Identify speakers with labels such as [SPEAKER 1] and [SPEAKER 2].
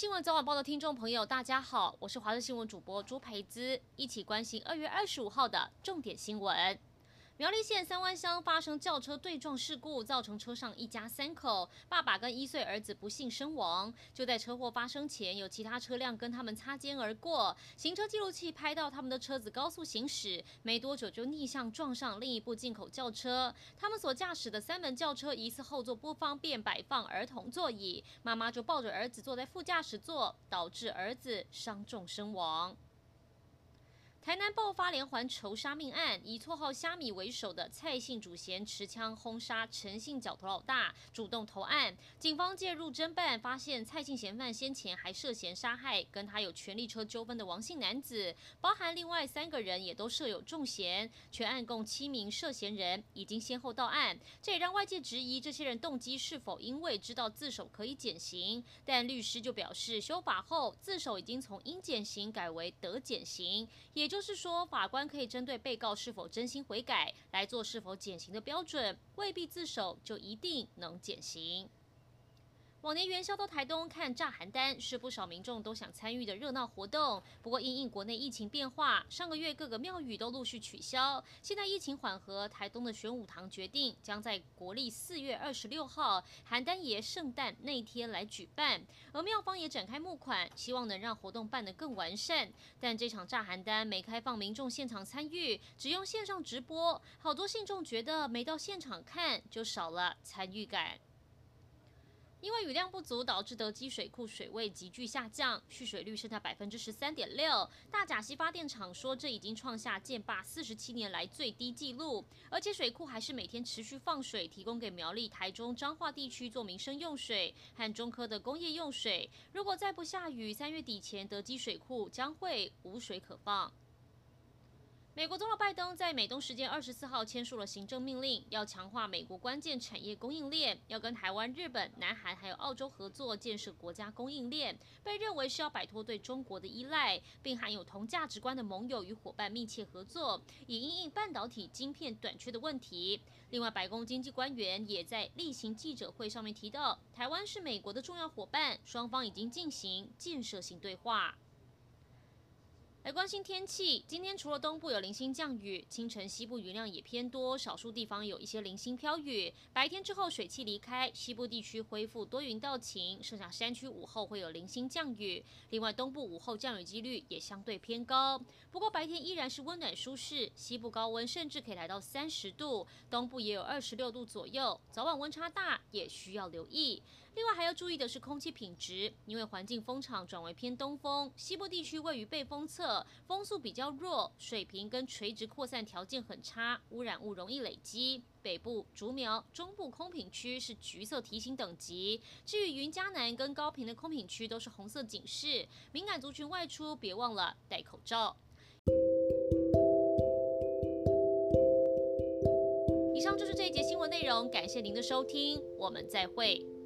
[SPEAKER 1] 新聞早晚報的聽眾朋友，大家好，我是華視新聞主播朱培姿，一起關心二月二十五號的重點新聞。苗栗縣三灣鄉發生轎車對撞事故，造成車上一家三口，爸爸跟一歲兒子不幸身亡。就在車禍發生前，有其他車輛跟他們擦肩而過，行車記錄器拍到他們的車子高速行駛，沒多久就逆向撞上另一部進口轎車。他們所駕駛的三門轎車疑似後座不方便擺放兒童座椅，媽媽就抱着兒子坐在副駕駛座，導致兒子傷重身亡。台南爆發連環仇殺命案，以綽號“蝦米”為首的蔡姓主嫌持槍轟殺陳姓角頭老大，主動投案。警方介入偵辦，發現蔡姓嫌犯先前還涉嫌殺害跟他有權力車糾紛的王姓男子，包含另外三個人也都設有重嫌。全案共七名涉嫌人已經先後到案，這也讓外界質疑這些人動機是否因為知道自首可以減刑。但律師就表示，修法後自首已經從應減刑改為得減刑，也就是。就是說，法官可以針對被告是否真心悔改，來做是否減刑的標準，未必自首就一定能減刑。往年元宵到台東看炸寒單，是不少民眾都想參與的熱鬧活動。不過，因應國內疫情變化，上個月各個廟宇都陸續取消。現在疫情緩和，台東的玄武堂決定將在國歷四月二十六號寒單爺聖誕那天來舉辦。而廟方也展開募款，希望能讓活動辦得更完善。但這場炸寒單沒開放民眾現場參與，只用線上直播，好多信眾覺得沒到現場看就少了參與感。因為雨量不足，導致德基水庫水位急劇下降，蓄水率剩下百分之十三點六。大甲溪發電廠說，這已經創下建壩四十七年來最低紀錄，而且水庫還是每天持續放水，提供給苗栗、台中、彰化地區做民生用水和中科的工業用水。如果再不下雨，三月底前德基水庫將會無水可放。美國總統拜登在美東時間二十四號簽署了行政命令，要強化美國關鍵產業供應鏈，要跟台灣、日本、南韓還有澳洲合作建設國家供應鏈，被認為是要擺脫對中國的依賴，並含有同價值觀的盟友與夥伴密切合作，以因應半導體晶片短缺的問題。另外，白宮經濟官員也在例行記者會上面提到，台灣是美國的重要夥伴，雙方已經進行建設性對話。來關心天氣，今天除了東部有零星降雨，清晨西部雲量也偏多，少數地方有一些零星飄雨。白天之後水汽離開，西部地區恢復多雲到晴，剩下山區午後會有零星降雨。另外東部午後降雨幾率也相對偏高，不過白天依然是溫暖舒適，西部高溫甚至可以來到三十度，東部也有二十六度左右，早晚溫差大也需要留意。另外還要注意的是空氣品質，因為環境風場轉為偏東風，西部地區位於背風側。風速比較弱，水平跟垂直擴散條件很差，污染物容易累積。北部竹苗、中部空品區是橘色提醒等級，至於雲嘉南跟高屏的空品區都是紅色警示，敏感族群外出別忘了戴口罩。以上就是這一節新聞內容，感謝您的收聽，我們再會。